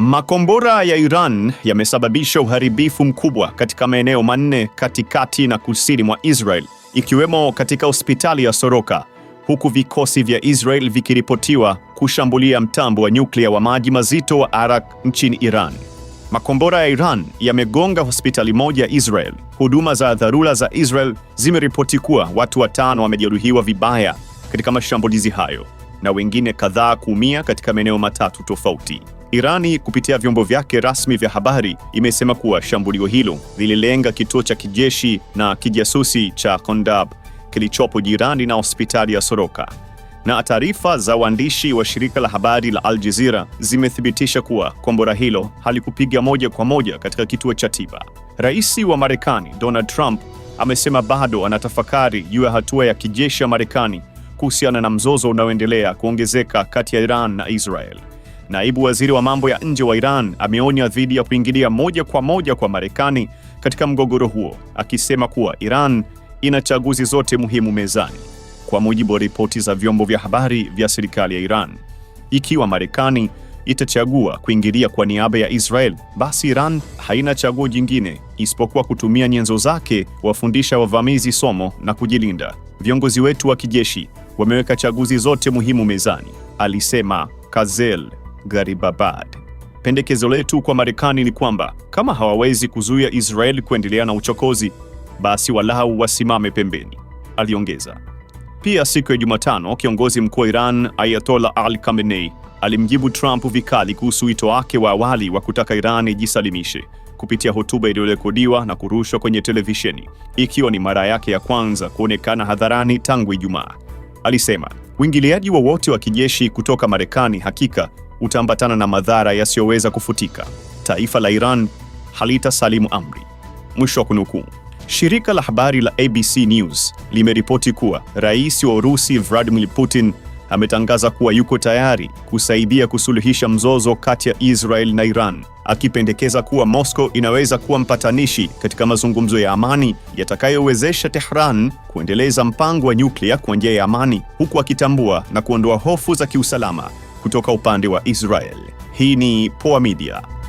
Makombora ya Iran yamesababisha uharibifu mkubwa katika maeneo manne katikati na kusini mwa Israel, ikiwemo katika hospitali ya Soroka, huku vikosi vya Israel vikiripotiwa kushambulia mtambo wa nyuklia wa maji mazito wa Arak nchini Iran. Makombora ya Iran yamegonga hospitali moja ya Israel. Huduma za dharura za Israel zimeripoti kuwa watu watano wamejeruhiwa vibaya katika mashambulizi hayo na wengine kadhaa kuumia katika maeneo matatu tofauti. Irani kupitia vyombo vyake rasmi vya habari imesema kuwa shambulio hilo lililenga kituo cha kijeshi na kijasusi cha Kondab kilichopo jirani na hospitali ya Soroka. Na taarifa za waandishi wa shirika la habari la Al Jazeera zimethibitisha kuwa kombora hilo halikupiga moja kwa moja katika kituo cha tiba. Rais wa Marekani Donald Trump amesema bado anatafakari juu ya hatua ya kijeshi ya Marekani kuhusiana na mzozo unaoendelea kuongezeka kati ya Iran na Israel. Naibu waziri wa mambo ya nje wa Iran ameonya dhidi ya kuingilia moja kwa moja kwa Marekani katika mgogoro huo, akisema kuwa Iran ina chaguzi zote muhimu mezani, kwa mujibu wa ripoti za vyombo vya habari vya serikali ya Iran. Ikiwa Marekani itachagua kuingilia kwa niaba ya Israel, basi Iran haina chaguo jingine isipokuwa kutumia nyenzo zake wafundisha wavamizi somo na kujilinda. Viongozi wetu wa kijeshi wameweka chaguzi zote muhimu mezani, alisema Kazel. Gharibabad. Pendekezo letu kwa Marekani ni kwamba kama hawawezi kuzuia Israeli kuendelea na uchokozi, basi walau wasimame pembeni, aliongeza. Pia siku ya Jumatano, kiongozi mkuu wa Iran Ayatollah Ali Khamenei alimjibu Trump vikali kuhusu wito wake wa awali wa kutaka Iran ijisalimishe kupitia hotuba iliyorekodiwa na kurushwa kwenye televisheni, ikiwa ni mara yake ya kwanza kuonekana hadharani tangu Ijumaa. Alisema uingiliaji wowote wa, wa kijeshi kutoka Marekani hakika utaambatana na madhara yasiyoweza kufutika. Taifa la Iran halitasalimu amri. Mwisho wa kunukuu. Shirika la habari la ABC News limeripoti kuwa rais wa Urusi Vladimir Putin ametangaza kuwa yuko tayari kusaidia kusuluhisha mzozo kati ya Israel na Iran, akipendekeza kuwa Moscow inaweza kuwa mpatanishi katika mazungumzo ya amani yatakayowezesha Tehran kuendeleza mpango wa nyuklia kwa njia ya amani, huku akitambua na kuondoa hofu za kiusalama kutoka upande wa Israel. Hii ni Poa Media.